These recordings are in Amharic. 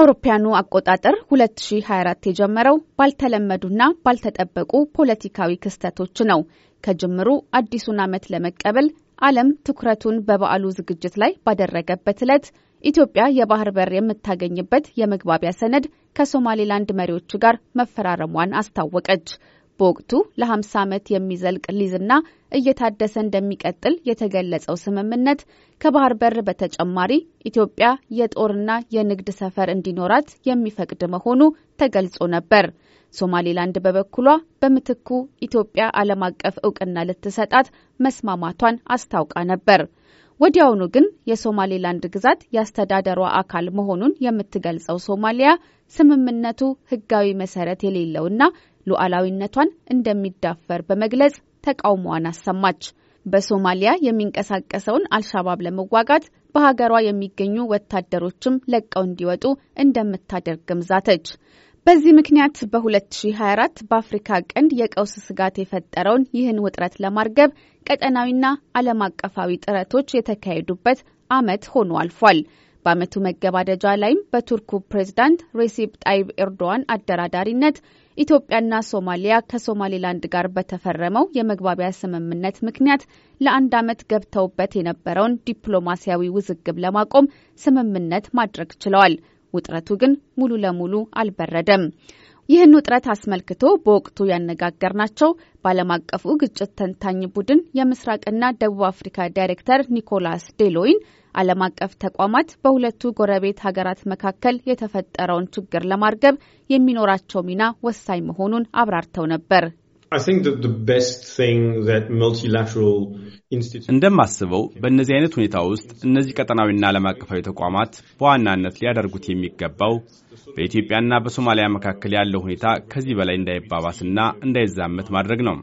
አውሮፓያኑ አቆጣጠር 2024 የጀመረው ባልተለመዱና ባልተጠበቁ ፖለቲካዊ ክስተቶች ነው። ከጅምሩ አዲሱን ዓመት ለመቀበል ዓለም ትኩረቱን በበዓሉ ዝግጅት ላይ ባደረገበት ዕለት ኢትዮጵያ የባህር በር የምታገኝበት የመግባቢያ ሰነድ ከሶማሌላንድ መሪዎች ጋር መፈራረሟን አስታወቀች። በወቅቱ ለ50 ዓመት የሚዘልቅ ሊዝና እየታደሰ እንደሚቀጥል የተገለጸው ስምምነት ከባህር በር በተጨማሪ ኢትዮጵያ የጦርና የንግድ ሰፈር እንዲኖራት የሚፈቅድ መሆኑ ተገልጾ ነበር። ሶማሌላንድ በበኩሏ በምትኩ ኢትዮጵያ ዓለም አቀፍ እውቅና ልትሰጣት መስማማቷን አስታውቃ ነበር። ወዲያውኑ ግን የሶማሌላንድ ግዛት የአስተዳደሯ አካል መሆኑን የምትገልጸው ሶማሊያ ስምምነቱ ሕጋዊ መሰረት የሌለውና ሉዓላዊነቷን እንደሚዳፈር በመግለጽ ተቃውሞዋን አሰማች። በሶማሊያ የሚንቀሳቀሰውን አልሻባብ ለመዋጋት በሀገሯ የሚገኙ ወታደሮችም ለቀው እንዲወጡ እንደምታደርግም ዛተች። በዚህ ምክንያት በ2024 በአፍሪካ ቀንድ የቀውስ ስጋት የፈጠረውን ይህን ውጥረት ለማርገብ ቀጠናዊና ዓለም አቀፋዊ ጥረቶች የተካሄዱበት ዓመት ሆኖ አልፏል። በዓመቱ መገባደጃ ላይም በቱርኩ ፕሬዝዳንት ሬሲፕ ጣይብ ኤርዶዋን አደራዳሪነት ኢትዮጵያና ሶማሊያ ከሶማሌላንድ ጋር በተፈረመው የመግባቢያ ስምምነት ምክንያት ለአንድ ዓመት ገብተውበት የነበረውን ዲፕሎማሲያዊ ውዝግብ ለማቆም ስምምነት ማድረግ ችለዋል። ውጥረቱ ግን ሙሉ ለሙሉ አልበረደም። ይህን ውጥረት አስመልክቶ በወቅቱ ያነጋገር ናቸው። በዓለም አቀፉ ግጭት ተንታኝ ቡድን የምስራቅና ደቡብ አፍሪካ ዳይሬክተር ኒኮላስ ዴሎይን ዓለም አቀፍ ተቋማት በሁለቱ ጎረቤት ሀገራት መካከል የተፈጠረውን ችግር ለማርገብ የሚኖራቸው ሚና ወሳኝ መሆኑን አብራርተው ነበር። እንደማስበው በእነዚህ አይነት ሁኔታ ውስጥ እነዚህ ቀጠናዊና ዓለም አቀፋዊ ተቋማት በዋናነት ሊያደርጉት የሚገባው በኢትዮጵያና በሶማሊያ መካከል ያለው ሁኔታ ከዚህ በላይ እንዳይባባስና እንዳይዛመት ማድረግ ነው።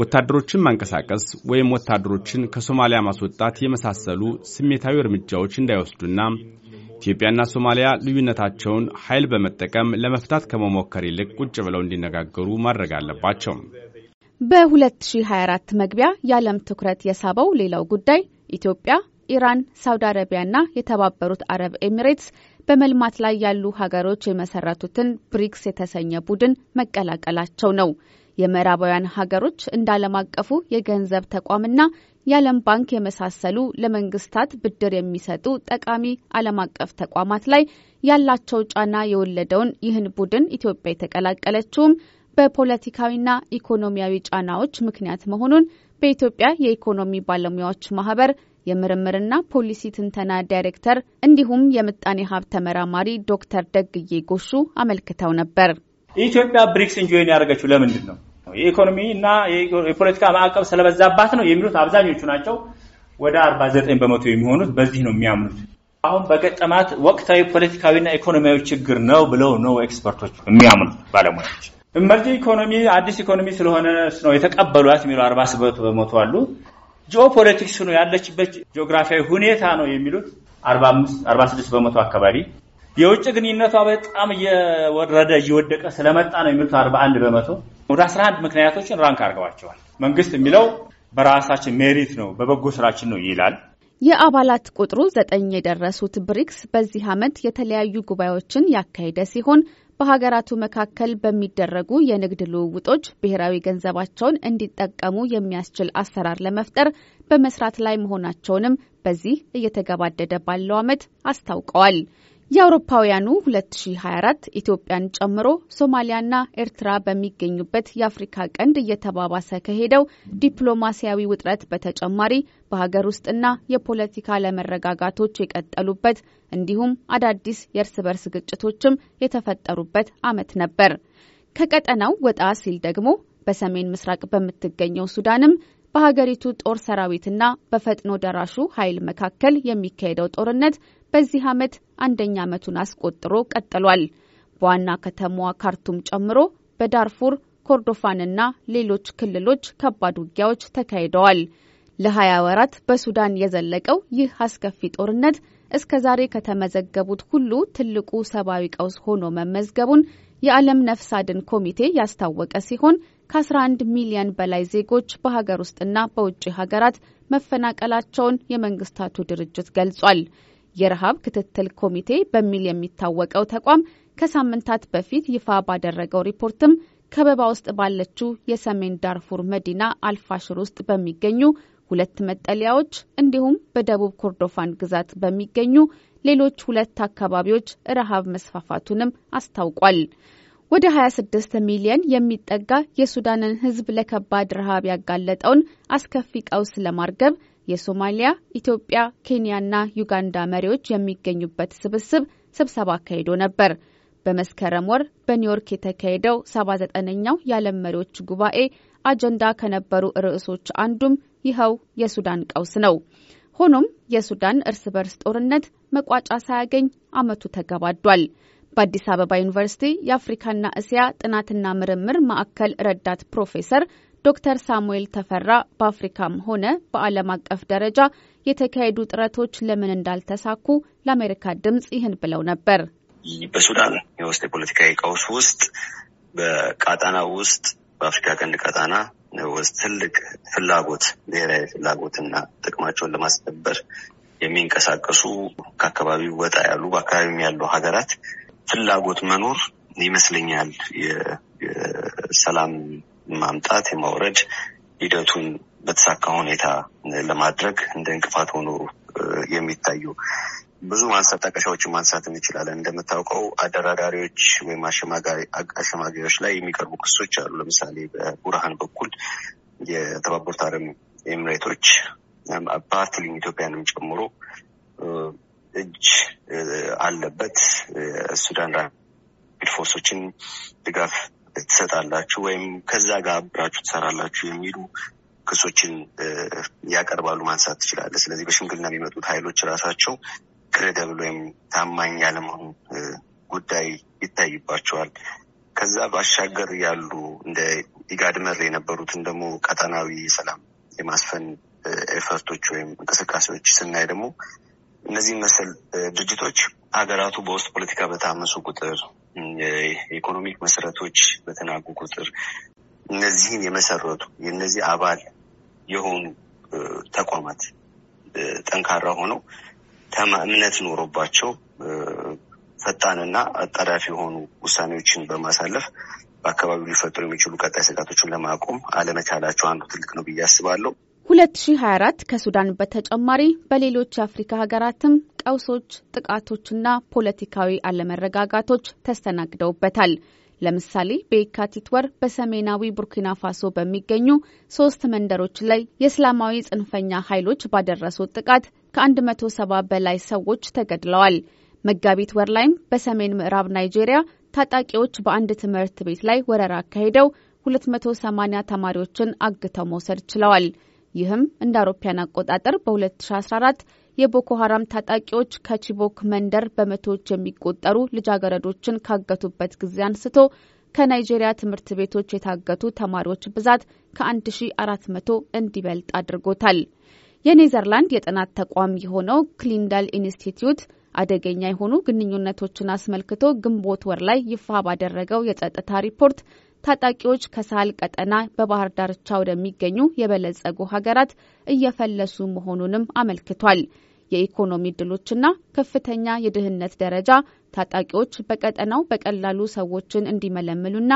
ወታደሮችን ማንቀሳቀስ ወይም ወታደሮችን ከሶማሊያ ማስወጣት የመሳሰሉ ስሜታዊ እርምጃዎች እንዳይወስዱና ኢትዮጵያና ሶማሊያ ልዩነታቸውን ኃይል በመጠቀም ለመፍታት ከመሞከር ይልቅ ቁጭ ብለው እንዲነጋገሩ ማድረግ አለባቸው። በ2024 መግቢያ የዓለም ትኩረት የሳበው ሌላው ጉዳይ ኢትዮጵያ፣ ኢራን፣ ሳውዲ አረቢያና የተባበሩት አረብ ኤሚሬትስ በመልማት ላይ ያሉ ሀገሮች የመሰረቱትን ብሪክስ የተሰኘ ቡድን መቀላቀላቸው ነው። የምዕራባውያን ሀገሮች እንደ ዓለም አቀፉ የገንዘብ ተቋምና የዓለም ባንክ የመሳሰሉ ለመንግስታት ብድር የሚሰጡ ጠቃሚ ዓለም አቀፍ ተቋማት ላይ ያላቸው ጫና የወለደውን ይህን ቡድን ኢትዮጵያ የተቀላቀለችውም በፖለቲካዊና ኢኮኖሚያዊ ጫናዎች ምክንያት መሆኑን በኢትዮጵያ የኢኮኖሚ ባለሙያዎች ማህበር የምርምርና ፖሊሲ ትንተና ዳይሬክተር እንዲሁም የምጣኔ ሀብት ተመራማሪ ዶክተር ደግዬ ጎሹ አመልክተው ነበር። ኢትዮጵያ ብሪክስ ጆይን ያደረገችው ለምንድን ነው? የኢኮኖሚ እና የፖለቲካ ማዕቀብ ስለበዛባት ነው የሚሉት አብዛኞቹ ናቸው። ወደ 49 በመቶ የሚሆኑት በዚህ ነው የሚያምኑት። አሁን በገጠማት ወቅታዊ ፖለቲካዊና ኢኮኖሚያዊ ችግር ነው ብለው ነው ኤክስፐርቶች የሚያምኑት ባለሙያዎች። ኢመርጂ ኢኮኖሚ አዲስ ኢኮኖሚ ስለሆነ ነው የተቀበሏት የሚሉ 47 በመቶ አሉ። ጂኦፖለቲክስ ነው ያለችበት ጂኦግራፊያዊ ሁኔታ ነው የሚሉት 46 በመቶ አካባቢ የውጭ ግንኙነቷ በጣም እየወረደ እየወደቀ ስለመጣ ነው የሚሉት 41 በመቶ ወደ 11 ምክንያቶችን ራንክ አድርገዋቸዋል። መንግስት የሚለው በራሳችን ሜሪት ነው በበጎ ስራችን ነው ይላል። የአባላት ቁጥሩ ዘጠኝ የደረሱት ብሪክስ በዚህ ዓመት የተለያዩ ጉባኤዎችን ያካሄደ ሲሆን በሀገራቱ መካከል በሚደረጉ የንግድ ልውውጦች ብሔራዊ ገንዘባቸውን እንዲጠቀሙ የሚያስችል አሰራር ለመፍጠር በመስራት ላይ መሆናቸውንም በዚህ እየተገባደደ ባለው ዓመት አስታውቀዋል። የአውሮፓውያኑ 2024 ኢትዮጵያን ጨምሮ ሶማሊያና ኤርትራ በሚገኙበት የአፍሪካ ቀንድ እየተባባሰ ከሄደው ዲፕሎማሲያዊ ውጥረት በተጨማሪ በሀገር ውስጥና የፖለቲካ ለመረጋጋቶች የቀጠሉበት እንዲሁም አዳዲስ የእርስ በርስ ግጭቶችም የተፈጠሩበት ዓመት ነበር። ከቀጠናው ወጣ ሲል ደግሞ በሰሜን ምስራቅ በምትገኘው ሱዳንም በሀገሪቱ ጦር ሰራዊትና በፈጥኖ ደራሹ ኃይል መካከል የሚካሄደው ጦርነት በዚህ ዓመት አንደኛ ዓመቱን አስቆጥሮ ቀጥሏል። በዋና ከተማዋ ካርቱም ጨምሮ በዳርፉር ኮርዶፋንና ሌሎች ክልሎች ከባድ ውጊያዎች ተካሂደዋል። ለ20 ወራት በሱዳን የዘለቀው ይህ አስከፊ ጦርነት እስከ ዛሬ ከተመዘገቡት ሁሉ ትልቁ ሰብአዊ ቀውስ ሆኖ መመዝገቡን የዓለም ነፍስ አድን ኮሚቴ ያስታወቀ ሲሆን ከ11 ሚሊዮን በላይ ዜጎች በሀገር ውስጥና በውጭ ሀገራት መፈናቀላቸውን የመንግስታቱ ድርጅት ገልጿል። የረሃብ ክትትል ኮሚቴ በሚል የሚታወቀው ተቋም ከሳምንታት በፊት ይፋ ባደረገው ሪፖርትም ከበባ ውስጥ ባለችው የሰሜን ዳርፉር መዲና አልፋሽር ውስጥ በሚገኙ ሁለት መጠለያዎች እንዲሁም በደቡብ ኮርዶፋን ግዛት በሚገኙ ሌሎች ሁለት አካባቢዎች ረሃብ መስፋፋቱንም አስታውቋል። ወደ 26 ሚሊየን የሚጠጋ የሱዳንን ሕዝብ ለከባድ ረሃብ ያጋለጠውን አስከፊ ቀውስ ለማርገብ የሶማሊያ፣ ኢትዮጵያ፣ ኬንያና ዩጋንዳ መሪዎች የሚገኙበት ስብስብ ስብሰባ አካሂዶ ነበር። በመስከረም ወር በኒውዮርክ የተካሄደው 79ኛው የዓለም መሪዎች ጉባኤ አጀንዳ ከነበሩ ርዕሶች አንዱም ይኸው የሱዳን ቀውስ ነው። ሆኖም የሱዳን እርስ በርስ ጦርነት መቋጫ ሳያገኝ ዓመቱ ተገባዷል። በአዲስ አበባ ዩኒቨርሲቲ የአፍሪካና እስያ ጥናትና ምርምር ማዕከል ረዳት ፕሮፌሰር ዶክተር ሳሙኤል ተፈራ በአፍሪካም ሆነ በዓለም አቀፍ ደረጃ የተካሄዱ ጥረቶች ለምን እንዳልተሳኩ ለአሜሪካ ድምፅ ይህን ብለው ነበር። በሱዳን የውስጥ የፖለቲካዊ ቀውስ ውስጥ በቃጣና ውስጥ በአፍሪካ ቀንድ ቃጣና ውስጥ ትልቅ ፍላጎት ብሔራዊ ፍላጎትና ጥቅማቸውን ለማስከበር የሚንቀሳቀሱ ከአካባቢው ወጣ ያሉ በአካባቢም ያሉ ሀገራት ፍላጎት መኖር ይመስለኛል የሰላም ማምጣት የማውረድ ሂደቱን በተሳካ ሁኔታ ለማድረግ እንደ እንቅፋት ሆኖ የሚታዩ ብዙ ማንሳጠቀሻዎችን ማንሳት እንችላለን። እንደምታውቀው አደራዳሪዎች ወይም አሸማጋዮች ላይ የሚቀርቡ ክሶች አሉ። ለምሳሌ በቡርሃን በኩል የተባበሩት አረብ ኤምሬቶች በፓርትሊን ኢትዮጵያንም ጨምሮ እጅ አለበት ሱዳን ራፒድ ፎርሶችን ድጋፍ ትሰጣላችሁ ወይም ከዛ ጋር አብራችሁ ትሰራላችሁ የሚሉ ክሶችን ያቀርባሉ ማንሳት ትችላለህ። ስለዚህ በሽምግልና የሚመጡት ኃይሎች ራሳቸው ክሬደብል ወይም ታማኝ ያለመሆኑ ጉዳይ ይታይባቸዋል። ከዛ ባሻገር ያሉ እንደ ኢጋድ መር የነበሩትን ደግሞ ቀጠናዊ ሰላም የማስፈን ኤፈርቶች ወይም እንቅስቃሴዎች ስናይ ደግሞ እነዚህ መሰል ድርጅቶች ሀገራቱ በውስጥ ፖለቲካ በታመሱ ቁጥር የኢኮኖሚክ መሰረቶች በተናጉ ቁጥር እነዚህን የመሰረቱ የእነዚህ አባል የሆኑ ተቋማት ጠንካራ ሆነው እምነት ኖሮባቸው ፈጣንና አጣዳፊ የሆኑ ውሳኔዎችን በማሳለፍ በአካባቢው ሊፈጠሩ የሚችሉ ቀጣይ ስጋቶችን ለማቆም አለመቻላቸው አንዱ ትልቅ ነው ብዬ አስባለሁ። 2024 ከሱዳን በተጨማሪ በሌሎች የአፍሪካ ሀገራትም ቀውሶች፣ ጥቃቶችና ፖለቲካዊ አለመረጋጋቶች ተስተናግደውበታል። ለምሳሌ በየካቲት ወር በሰሜናዊ ቡርኪና ፋሶ በሚገኙ ሶስት መንደሮች ላይ የእስላማዊ ጽንፈኛ ኃይሎች ባደረሱት ጥቃት ከ170 በላይ ሰዎች ተገድለዋል። መጋቢት ወር ላይም በሰሜን ምዕራብ ናይጄሪያ ታጣቂዎች በአንድ ትምህርት ቤት ላይ ወረራ አካሂደው 280 ተማሪዎችን አግተው መውሰድ ችለዋል። ይህም እንደ አውሮፓያን አቆጣጠር በ2014 የቦኮ ሀራም ታጣቂዎች ከቺቦክ መንደር በመቶዎች የሚቆጠሩ ልጃገረዶችን ካገቱበት ጊዜ አንስቶ ከናይጄሪያ ትምህርት ቤቶች የታገቱ ተማሪዎች ብዛት ከ1400 እንዲበልጥ አድርጎታል። የኔዘርላንድ የጥናት ተቋም የሆነው ክሊንዳል ኢንስቲትዩት አደገኛ የሆኑ ግንኙነቶችን አስመልክቶ ግንቦት ወር ላይ ይፋ ባደረገው የጸጥታ ሪፖርት ታጣቂዎች ከሳል ቀጠና በባህር ዳርቻ ወደሚገኙ የበለጸጉ ሀገራት እየፈለሱ መሆኑንም አመልክቷል። የኢኮኖሚ እድሎችና ከፍተኛ የድህነት ደረጃ ታጣቂዎች በቀጠናው በቀላሉ ሰዎችን እንዲመለምሉና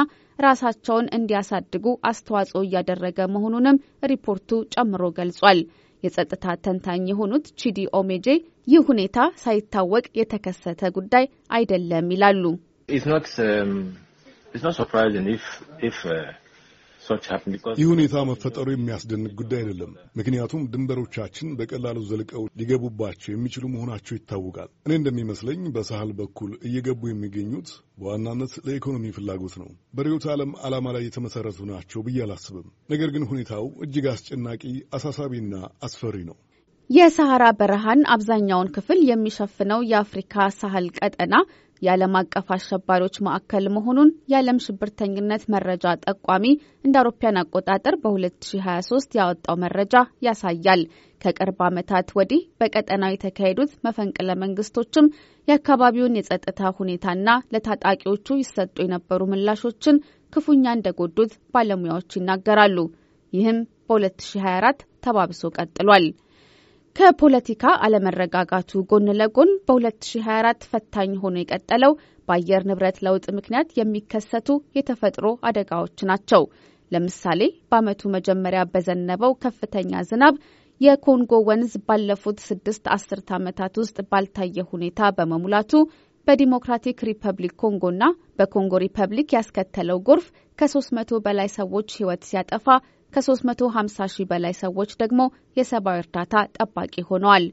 ራሳቸውን እንዲያሳድጉ አስተዋጽኦ እያደረገ መሆኑንም ሪፖርቱ ጨምሮ ገልጿል። የጸጥታ ተንታኝ የሆኑት ቺዲ ኦሜጄ ይህ ሁኔታ ሳይታወቅ የተከሰተ ጉዳይ አይደለም ይላሉ። Uh, ይህ ሁኔታ መፈጠሩ የሚያስደንቅ ጉዳይ አይደለም። ምክንያቱም ድንበሮቻችን በቀላሉ ዘልቀው ሊገቡባቸው የሚችሉ መሆናቸው ይታወቃል። እኔ እንደሚመስለኝ በሳህል በኩል እየገቡ የሚገኙት በዋናነት ለኢኮኖሚ ፍላጎት ነው። በርዕዮተ ዓለም ዓላማ ላይ የተመሠረቱ ናቸው ብዬ አላስብም። ነገር ግን ሁኔታው እጅግ አስጨናቂ፣ አሳሳቢና አስፈሪ ነው። የሰሐራ በረሃን አብዛኛውን ክፍል የሚሸፍነው የአፍሪካ ሳህል ቀጠና የዓለም አቀፍ አሸባሪዎች ማዕከል መሆኑን የዓለም ሽብርተኝነት መረጃ ጠቋሚ እንደ አውሮፓውያን አቆጣጠር በ2023 ያወጣው መረጃ ያሳያል። ከቅርብ ዓመታት ወዲህ በቀጠናው የተካሄዱት መፈንቅለ መንግስቶችም የአካባቢውን የጸጥታ ሁኔታና ለታጣቂዎቹ ይሰጡ የነበሩ ምላሾችን ክፉኛ እንደጎዱት ባለሙያዎች ይናገራሉ። ይህም በ2024 ተባብሶ ቀጥሏል። ከፖለቲካ አለመረጋጋቱ ጎን ለጎን በ2024 ፈታኝ ሆኖ የቀጠለው በአየር ንብረት ለውጥ ምክንያት የሚከሰቱ የተፈጥሮ አደጋዎች ናቸው። ለምሳሌ በዓመቱ መጀመሪያ በዘነበው ከፍተኛ ዝናብ የኮንጎ ወንዝ ባለፉት ስድስት አስርት ዓመታት ውስጥ ባልታየ ሁኔታ በመሙላቱ በዲሞክራቲክ ሪፐብሊክ ኮንጎና በኮንጎ ሪፐብሊክ ያስከተለው ጎርፍ ከ300 በላይ ሰዎች ሕይወት ሲያጠፋ ከ350 ሺህ በላይ ሰዎች ደግሞ የሰብአዊ እርዳታ ጠባቂ ሆነዋል።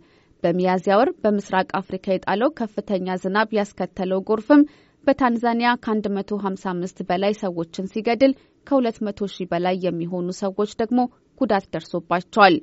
በሚያዝያ ወር በምስራቅ አፍሪካ የጣለው ከፍተኛ ዝናብ ያስከተለው ጎርፍም በታንዛኒያ ከ155 በላይ ሰዎችን ሲገድል ከ200 ሺህ በላይ የሚሆኑ ሰዎች ደግሞ ጉዳት ደርሶባቸዋል።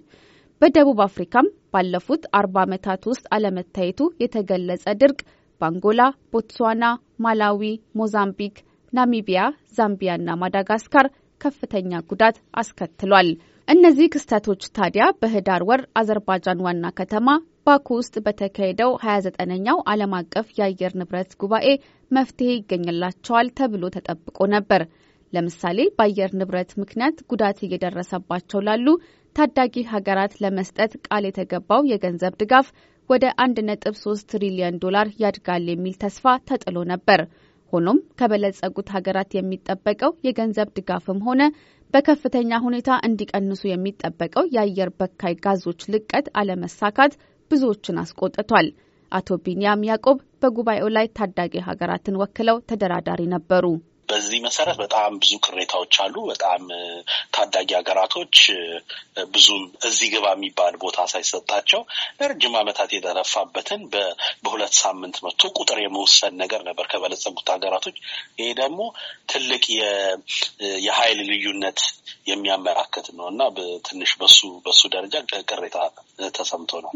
በደቡብ አፍሪካም ባለፉት 40 ዓመታት ውስጥ አለመታየቱ የተገለጸ ድርቅ በአንጎላ፣ ቦትስዋና፣ ማላዊ፣ ሞዛምቢክ፣ ናሚቢያ፣ ዛምቢያ እና ማዳጋስካር ከፍተኛ ጉዳት አስከትሏል። እነዚህ ክስተቶች ታዲያ በህዳር ወር አዘርባጃን ዋና ከተማ ባኩ ውስጥ በተካሄደው 29ኛው ዓለም አቀፍ የአየር ንብረት ጉባኤ መፍትሄ ይገኝላቸዋል ተብሎ ተጠብቆ ነበር። ለምሳሌ በአየር ንብረት ምክንያት ጉዳት እየደረሰባቸው ላሉ ታዳጊ ሀገራት ለመስጠት ቃል የተገባው የገንዘብ ድጋፍ ወደ 1.3 ትሪሊዮን ዶላር ያድጋል የሚል ተስፋ ተጥሎ ነበር። ሆኖም ከበለጸጉት ሀገራት የሚጠበቀው የገንዘብ ድጋፍም ሆነ በከፍተኛ ሁኔታ እንዲቀንሱ የሚጠበቀው የአየር በካይ ጋዞች ልቀት አለመሳካት ብዙዎችን አስቆጥቷል። አቶ ቢንያም ያዕቆብ በጉባኤው ላይ ታዳጊ ሀገራትን ወክለው ተደራዳሪ ነበሩ። በዚህ መሰረት በጣም ብዙ ቅሬታዎች አሉ። በጣም ታዳጊ ሀገራቶች ብዙም እዚህ ግባ የሚባል ቦታ ሳይሰጣቸው ለረጅም ዓመታት የተለፋበትን በሁለት ሳምንት መቶ ቁጥር የመወሰን ነገር ነበር ከበለጸጉት ሀገራቶች። ይሄ ደግሞ ትልቅ የኃይል ልዩነት የሚያመላክት ነው እና ትንሽ በሱ በሱ ደረጃ ቅሬታ ተሰምቶ ነው።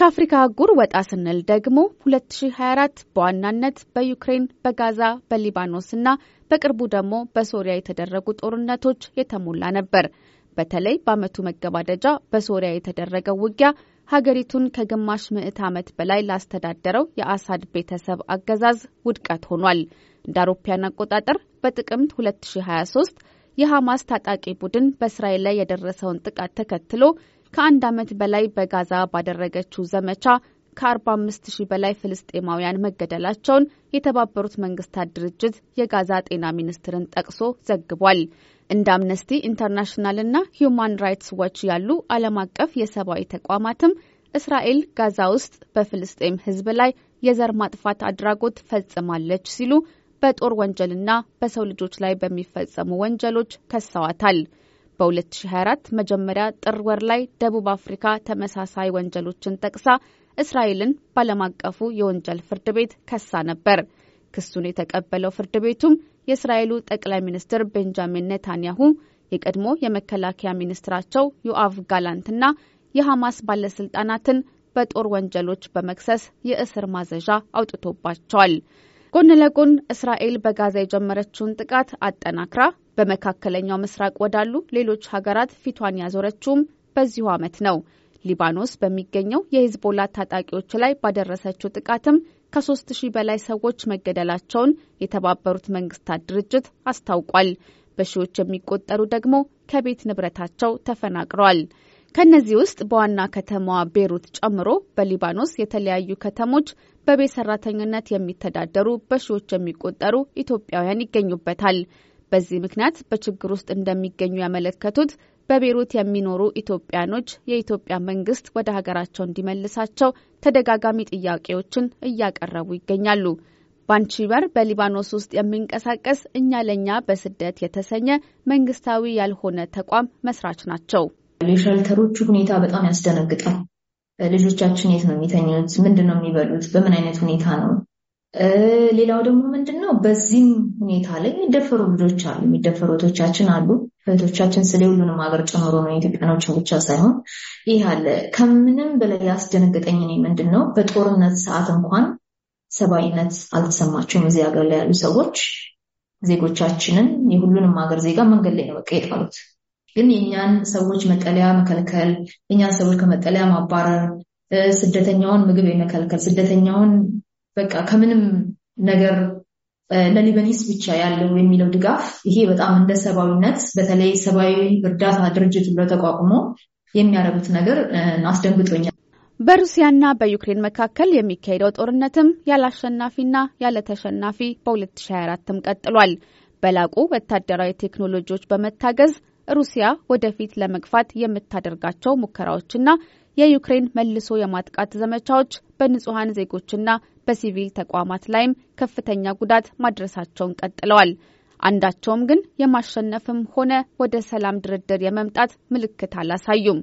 ከአፍሪካ አህጉር ወጣ ስንል ደግሞ 2024 በዋናነት በዩክሬን፣ በጋዛ፣ በሊባኖስ እና በቅርቡ ደግሞ በሶሪያ የተደረጉ ጦርነቶች የተሞላ ነበር። በተለይ በዓመቱ መገባደጃ በሶሪያ የተደረገው ውጊያ ሀገሪቱን ከግማሽ ምዕት ዓመት በላይ ላስተዳደረው የአሳድ ቤተሰብ አገዛዝ ውድቀት ሆኗል። እንደ አውሮፓውያን አቆጣጠር በጥቅምት 2023 የሐማስ ታጣቂ ቡድን በእስራኤል ላይ የደረሰውን ጥቃት ተከትሎ ከአንድ ዓመት በላይ በጋዛ ባደረገችው ዘመቻ ከ45 ሺህ በላይ ፍልስጤማውያን መገደላቸውን የተባበሩት መንግስታት ድርጅት የጋዛ ጤና ሚኒስትርን ጠቅሶ ዘግቧል። እንደ አምነስቲ ኢንተርናሽናልና ሂዩማን ራይትስ ዋች ያሉ ዓለም አቀፍ የሰብአዊ ተቋማትም እስራኤል ጋዛ ውስጥ በፍልስጤም ሕዝብ ላይ የዘር ማጥፋት አድራጎት ፈጽማለች ሲሉ በጦር ወንጀልና በሰው ልጆች ላይ በሚፈጸሙ ወንጀሎች ከሰዋታል። በ2024 መጀመሪያ ጥር ወር ላይ ደቡብ አፍሪካ ተመሳሳይ ወንጀሎችን ጠቅሳ እስራኤልን ባለም አቀፉ የወንጀል ፍርድ ቤት ከሳ ነበር። ክሱን የተቀበለው ፍርድ ቤቱም የእስራኤሉ ጠቅላይ ሚኒስትር ቤንጃሚን ኔታንያሁ የቀድሞ የመከላከያ ሚኒስትራቸው ዮአቭ ጋላንትና የሐማስ ባለስልጣናትን በጦር ወንጀሎች በመክሰስ የእስር ማዘዣ አውጥቶባቸዋል። ጎን ለጎን እስራኤል በጋዛ የጀመረችውን ጥቃት አጠናክራ በመካከለኛው ምስራቅ ወዳሉ ሌሎች ሀገራት ፊቷን ያዞረችውም በዚሁ ዓመት ነው። ሊባኖስ በሚገኘው የሂዝቦላ ታጣቂዎች ላይ ባደረሰችው ጥቃትም ከ3000 በላይ ሰዎች መገደላቸውን የተባበሩት መንግስታት ድርጅት አስታውቋል። በሺዎች የሚቆጠሩ ደግሞ ከቤት ንብረታቸው ተፈናቅሯል። ከእነዚህ ውስጥ በዋና ከተማዋ ቤሩት ጨምሮ በሊባኖስ የተለያዩ ከተሞች በቤት ሰራተኝነት የሚተዳደሩ በሺዎች የሚቆጠሩ ኢትዮጵያውያን ይገኙበታል። በዚህ ምክንያት በችግር ውስጥ እንደሚገኙ ያመለከቱት በቤሩት የሚኖሩ ኢትዮጵያኖች የኢትዮጵያ መንግስት ወደ ሀገራቸው እንዲመልሳቸው ተደጋጋሚ ጥያቄዎችን እያቀረቡ ይገኛሉ። ባንቺበር በሊባኖስ ውስጥ የሚንቀሳቀስ እኛ ለእኛ በስደት የተሰኘ መንግስታዊ ያልሆነ ተቋም መስራች ናቸው። የሼልተሮቹ ሁኔታ በጣም ያስደነግጣል። ልጆቻችን የት ነው የሚተኙት? ምንድን ነው የሚበሉት? በምን አይነት ሁኔታ ነው? ሌላው ደግሞ ምንድን ነው በዚህም ሁኔታ ላይ የሚደፈሩ ልጆች አሉ፣ የሚደፈሩ እህቶቻችን አሉ። እህቶቻችን ስለ ሁሉንም ሀገር ጨምሮ ነው የኢትዮጵያኖችን ብቻ ሳይሆን ይህ አለ። ከምንም በላይ ያስደነገጠኝ እኔ ምንድን ነው በጦርነት ሰዓት እንኳን ሰብአዊነት አልተሰማቸውም እዚህ ሀገር ላይ ያሉ ሰዎች ዜጎቻችንን የሁሉንም ሀገር ዜጋ መንገድ ላይ ነው በቃ የጣሉት። ግን የእኛን ሰዎች መጠለያ መከልከል፣ የእኛን ሰዎች ከመጠለያ ማባረር፣ ስደተኛውን ምግብ የመከልከል ስደተኛውን በቃ ከምንም ነገር ለሊበኒስ ብቻ ያለው የሚለው ድጋፍ ይሄ በጣም እንደ ሰብአዊነት በተለይ ሰብአዊ እርዳታ ድርጅት ብለው ተቋቁሞ የሚያደርጉት ነገር አስደንግጦኛል። በሩሲያና በዩክሬን መካከል የሚካሄደው ጦርነትም ያለ አሸናፊና ያለ ተሸናፊ በ2024ም ቀጥሏል። በላቁ ወታደራዊ ቴክኖሎጂዎች በመታገዝ ሩሲያ ወደፊት ለመግፋት የምታደርጋቸው ሙከራዎችና የዩክሬን መልሶ የማጥቃት ዘመቻዎች በንጹሐን ዜጎችና በሲቪል ተቋማት ላይም ከፍተኛ ጉዳት ማድረሳቸውን ቀጥለዋል። አንዳቸውም ግን የማሸነፍም ሆነ ወደ ሰላም ድርድር የመምጣት ምልክት አላሳዩም።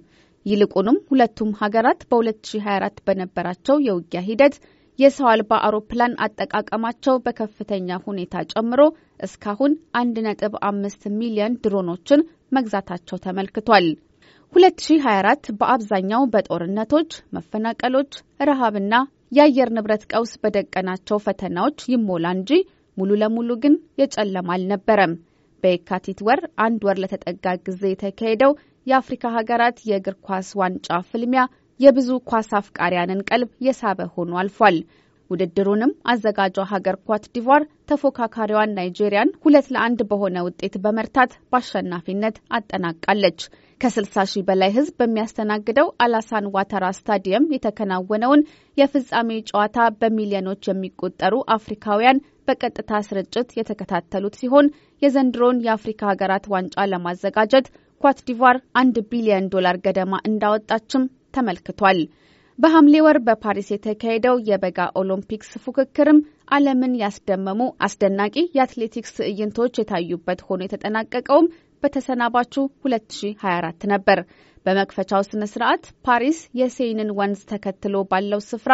ይልቁንም ሁለቱም ሀገራት በ2024 በነበራቸው የውጊያ ሂደት የሰው አልባ አውሮፕላን አጠቃቀማቸው በከፍተኛ ሁኔታ ጨምሮ እስካሁን 1.5 ሚሊዮን ድሮኖችን መግዛታቸው ተመልክቷል። 2024 በአብዛኛው በጦርነቶች፣ መፈናቀሎች፣ ረሃብና የአየር ንብረት ቀውስ በደቀናቸው ፈተናዎች ይሞላ እንጂ ሙሉ ለሙሉ ግን የጨለማ አልነበረም። በየካቲት ወር አንድ ወር ለተጠጋ ጊዜ የተካሄደው የአፍሪካ ሀገራት የእግር ኳስ ዋንጫ ፍልሚያ የብዙ ኳስ አፍቃሪያንን ቀልብ የሳበ ሆኖ አልፏል። ውድድሩንም አዘጋጇ ሀገር ኳት ዲቫር ተፎካካሪዋን ናይጄሪያን ሁለት ለአንድ በሆነ ውጤት በመርታት በአሸናፊነት አጠናቃለች። ከ60 ሺህ በላይ ሕዝብ በሚያስተናግደው አላሳን ዋተራ ስታዲየም የተከናወነውን የፍጻሜ ጨዋታ በሚሊዮኖች የሚቆጠሩ አፍሪካውያን በቀጥታ ስርጭት የተከታተሉት ሲሆን የዘንድሮውን የአፍሪካ ሀገራት ዋንጫ ለማዘጋጀት ኳት ዲቫር አንድ ቢሊዮን ዶላር ገደማ እንዳወጣችም ተመልክቷል። በሐምሌ ወር በፓሪስ የተካሄደው የበጋ ኦሎምፒክስ ፉክክርም ዓለምን ያስደመሙ አስደናቂ የአትሌቲክስ ትዕይንቶች የታዩበት ሆኖ የተጠናቀቀውም በተሰናባቹ 2024 ነበር። በመክፈቻው ስነ ስርዓት ፓሪስ የሴይንን ወንዝ ተከትሎ ባለው ስፍራ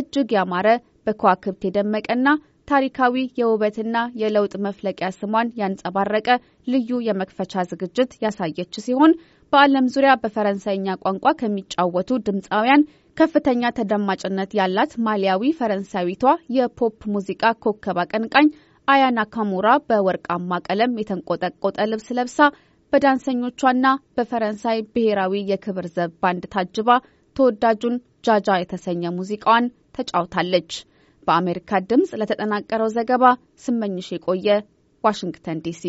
እጅግ ያማረ በከዋክብት የደመቀና ታሪካዊ የውበትና የለውጥ መፍለቂያ ስሟን ያንጸባረቀ ልዩ የመክፈቻ ዝግጅት ያሳየች ሲሆን በዓለም ዙሪያ በፈረንሳይኛ ቋንቋ ከሚጫወቱ ድምፃውያን ከፍተኛ ተደማጭነት ያላት ማሊያዊ ፈረንሳዊቷ የፖፕ ሙዚቃ ኮከብ አቀንቃኝ አያ ናካሙራ በወርቃማ ቀለም የተንቆጠቆጠ ልብስ ለብሳ በዳንሰኞቿና በፈረንሳይ ብሔራዊ የክብር ዘብ ባንድ ታጅባ ተወዳጁን ጃጃ የተሰኘ ሙዚቃዋን ተጫውታለች። በአሜሪካ ድምፅ ለተጠናቀረው ዘገባ ስመኝሽ የቆየ ዋሽንግተን ዲሲ